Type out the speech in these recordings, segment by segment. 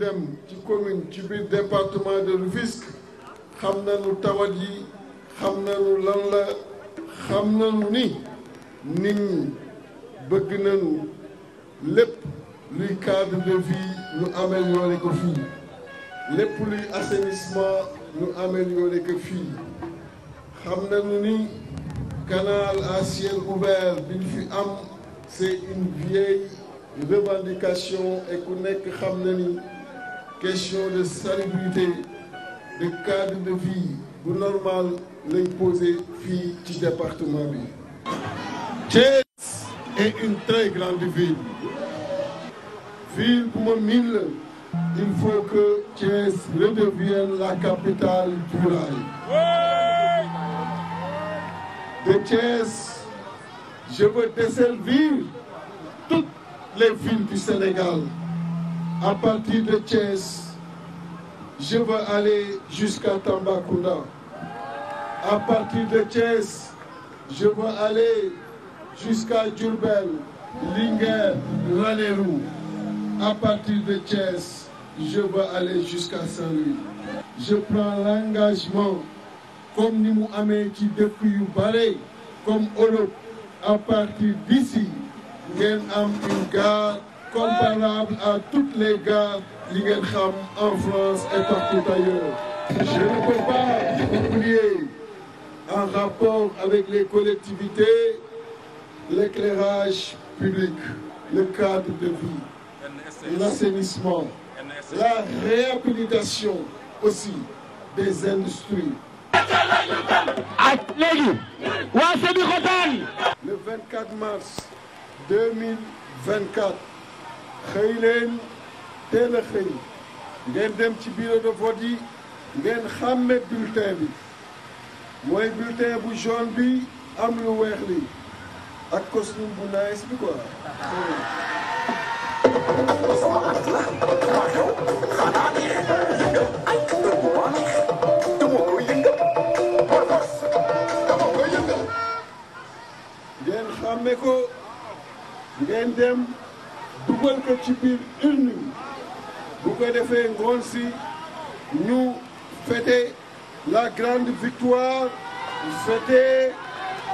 dem ci commune ci biir département de Rufisque xam nañu tawat yi xam nañu lan la xam nañu ni nit ñi bëgg nañu lépp luy cadre de vie ñu amélioré ko fii lépp luy assainissement ñu amélioré ko fii xam nañu ni canal à ciel ouvert bi ñu fi am c'est une vieille revendication et ku nekk xam na ni question de salubrité de cadre de vie bu normal lañ posé fii ci département bi. Thiès est une très grande ville. ville bu ma la. il faut que Thiès redevienne la capitale du rail. de Thiès je veux desservir toutes les villes du Sénégal. à partir de Thiès, je veux aller jusqu'à Tambacounda. À partir de Thiès, je veux aller jusqu'à Diourbel, À partir de Thiès, je veux aller jusqu'à saint Je prends l'engagement comme ni mu amee ci dëkk yu bare comme Europe à partir d'ici ngeen am une gare comparable à toutes les gares yi ngeen xam en France et partout ailleurs. Je les collectivités l'éclairage public, le cadre de vie, l'assainissement, la réhabilitation aussi des industries. Le 24 xëy leen teel a xëy ngeen dem ci bureau de vote yi ngeen xàmme bulletin bi mooy bulletin bu jaune bi am lu weex li ak costume bu nice bi quoi. ngeen xàmme ko ngeen dem. dugal ko ci biir urne bu ko defee ngoon si ñu fêter la grande victoire fêter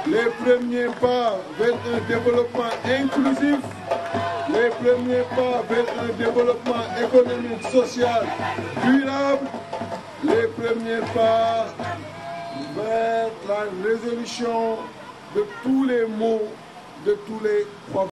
les premiers pas vers un développement inclusif les premiers pas vers un développement économique social durable les premiers pas vers la résolution de tous les maux de tous les problèmes